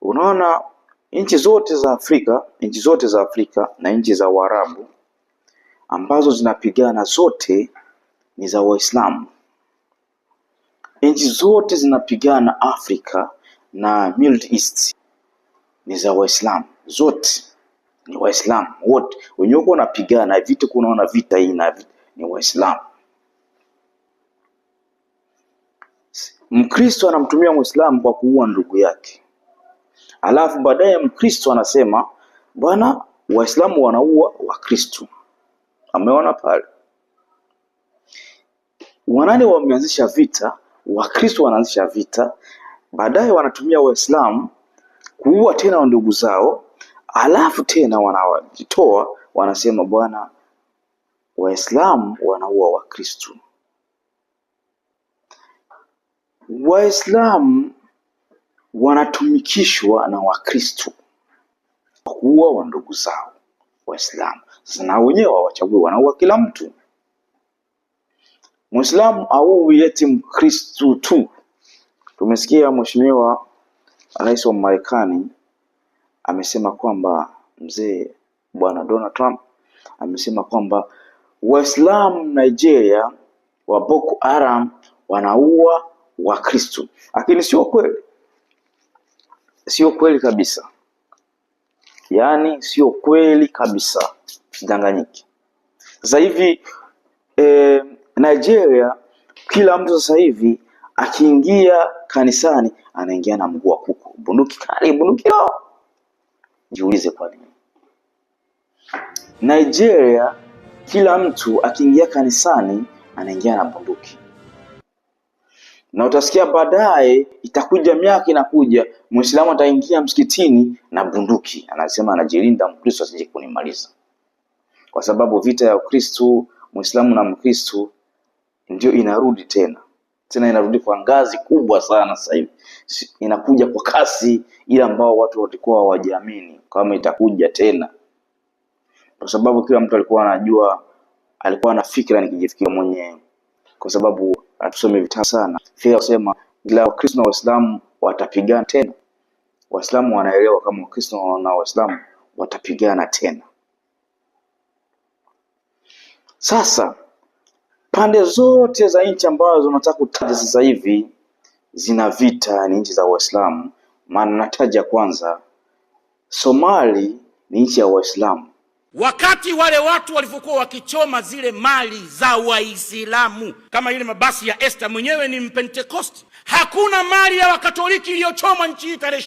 Unaona nchi zote za Afrika, nchi zote za Afrika na nchi za Uarabu ambazo zinapigana zote ni za Waislamu. Nchi zote zinapigana Afrika na Middle East ni za Waislamu, zote ni Waislamu wote wenye huko wanapigana vitu, kunaona vita hii na ni Waislamu. Mkristo anamtumia Mwislamu kwa kuua ndugu yake alafu baadaye Mkristo anasema bwana, Waislamu wanaua Wakristo. Ameona pale wanani wameanzisha vita, Wakristo wanaanzisha vita, baadaye wanatumia Waislamu kuua tena wandugu zao, alafu tena wanawajitoa wanasema bwana, Waislamu wanaua Wakristo. Waislamu wanatumikishwa na Wakristo kwa kuua ndugu zao Waislamu. Sasa na wenyewe wawachague, wanaua kila mtu. Muislamu auwi eti Mkristo tu. Tumesikia mheshimiwa rais wa Marekani amesema kwamba mzee bwana Donald Trump amesema kwamba Waislamu Nigeria wa Boko Haram wanaua Wakristo, lakini sio kweli sio kweli kabisa, yaani sio kweli kabisa, sidanganyiki. Sasa hivi e, Nigeria kila mtu sasa hivi akiingia kanisani anaingia na mguu wa kuku, bunduki kali, bunduki lo. Jiulize kwa nini Nigeria kila mtu akiingia kanisani anaingia na bunduki? na utasikia baadaye, itakuja miaka inakuja, Muislamu ataingia msikitini na bunduki, anasema anajilinda Mkristo asije kunimaliza, kwa sababu vita ya Ukristo, Muislamu na Mkristo ndio inarudi tena tena, inarudi kwa ngazi kubwa sana sasa hivi, inakuja kwa kasi ile ambao watu walikuwa hawajiamini kama itakuja tena, kwa sababu kila mtu alikuwa anajua, alikuwa na fikra nikijifikia mwenyewe, kwa sababu atusome ah, vitabu sana. Fia kusema ila Wakristo na Waislamu watapigana tena. Waislamu wanaelewa kama Wakristo na Waislamu watapigana tena. Sasa pande zote za nchi ambazo nataka kutaja sasa hivi zina vita, ni nchi za Waislamu. Maana nataja kwanza, Somali ni nchi ya Waislamu Wakati wale watu walivyokuwa wakichoma zile mali za Waislamu, kama ile mabasi ya Esther, mwenyewe ni Mpentekosti. Hakuna mali ya Wakatoliki iliyochomwa nchi hii tarehe